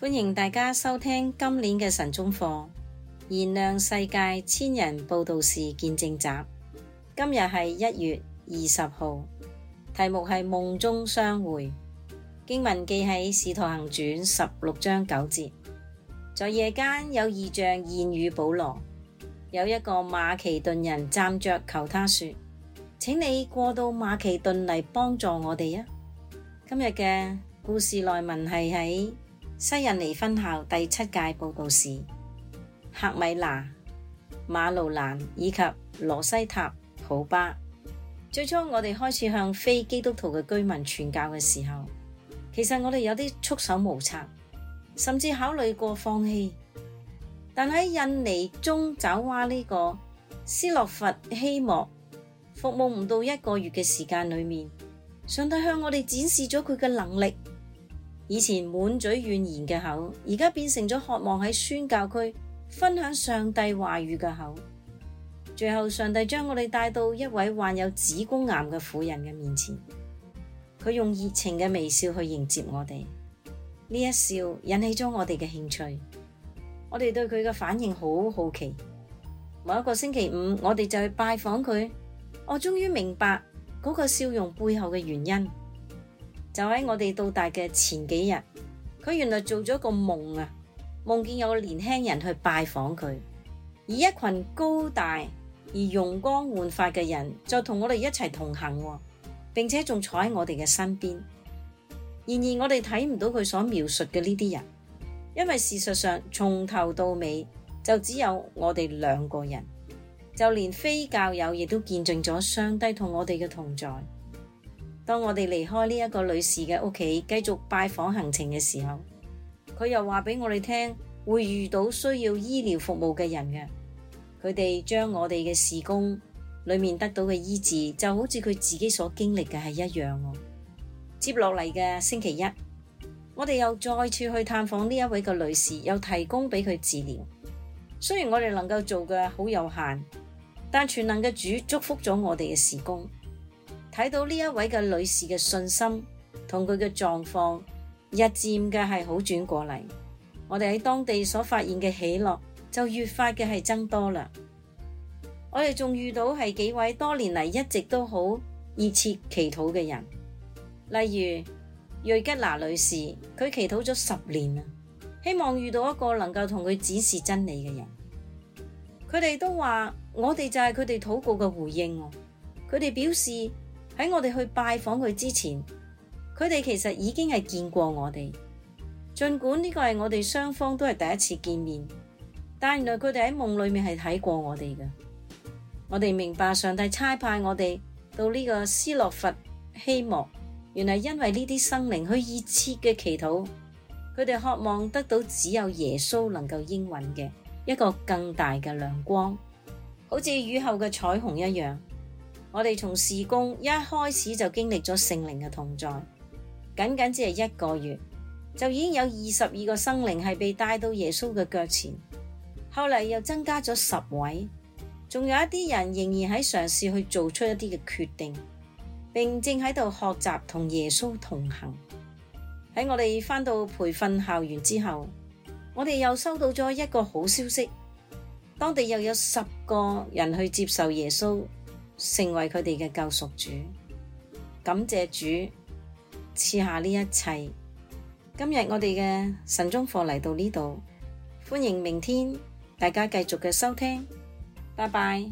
歡迎大家收聽今年嘅晨鐘課《燃亮世界千人佈道士見證集》。今日係一月二十號，題目係夢中相會。經文記喺《使徒行傳》十六章九節，在夜間有異象現與保羅，有一個馬其頓人站着求他說：請你過到馬其頓嚟幫助我哋啊！今日嘅故事內文係喺。西印尼分校第七屆報告是：赫米娜、馬路蘭以及羅西塔普巴。最初我哋開始向非基督徒嘅居民傳教嘅時候，其實我哋有啲束手無策，甚至考慮過放棄。但喺印尼中爪哇呢個斯洛伐希莫服務唔到一個月嘅時間裏面，上帝向我哋展示咗佢嘅能力。以前滿嘴怨言嘅口，而家變成咗渴望喺宣教區分享上帝話語嘅口。最後，上帝將我哋帶到一位患有子宮癌嘅婦人嘅面前，佢用熱情嘅微笑去迎接我哋。呢一笑引起咗我哋嘅興趣，我哋對佢嘅反應好好奇。某一個星期五，我哋就去拜訪佢。我終於明白嗰個笑容背後嘅原因。就喺我哋到達嘅前幾日，佢原來做咗個夢啊，夢見有個年輕人去拜訪佢，而一群高大而容光煥發嘅人，就同我哋一齊同行，並且仲坐喺我哋嘅身邊。然而我哋睇唔到佢所描述嘅呢啲人，因為事實上從頭到尾就只有我哋兩個人，就連非教友亦都見證咗上帝同我哋嘅同在。當我哋離開呢一個女士嘅屋企，繼續拜訪行程嘅時候，佢又話俾我哋聽，會遇到需要醫療服務嘅人嘅。佢哋將我哋嘅事工裏面得到嘅醫治，就好似佢自己所經歷嘅係一樣。接落嚟嘅星期一，我哋又再次去探訪呢一位嘅女士，又提供俾佢治療。雖然我哋能夠做嘅好有限，但全能嘅主祝福咗我哋嘅事工。睇到呢一位嘅女士嘅信心同佢嘅狀況日漸嘅係好轉過嚟，我哋喺當地所發現嘅喜樂就越發嘅係增多啦。我哋仲遇到係幾位多年嚟一直都好熱切祈禱嘅人，例如瑞吉娜女士，佢祈禱咗十年啊，希望遇到一個能夠同佢指示真理嘅人。佢哋都話：我哋就係佢哋禱告嘅回應。佢哋表示。喺我哋去拜訪佢之前，佢哋其實已經係見過我哋。盡管呢個係我哋雙方都係第一次見面，但原來佢哋喺夢裏面係睇過我哋嘅。我哋明白上帝差派我哋到呢個斯洛伐希莫，原嚟因為呢啲生靈去熱切嘅祈禱，佢哋渴望得到只有耶穌能夠應允嘅一個更大嘅亮光，好似雨後嘅彩虹一樣。我哋從事工一開始就經歷咗聖靈嘅同在，僅僅只係一個月就已經有二十二個生靈係被帶到耶穌嘅腳前。後嚟又增加咗十位，仲有一啲人仍然喺嘗試去做出一啲嘅決定，並正喺度學習同耶穌同行。喺我哋返到培訓校園之後，我哋又收到咗一個好消息，當地又有十個人去接受耶穌。成為佢哋嘅救贖主，感謝主賜下呢一切。今日我哋嘅晨鐘課嚟到呢度，歡迎明天大家繼續嘅收聽，拜拜。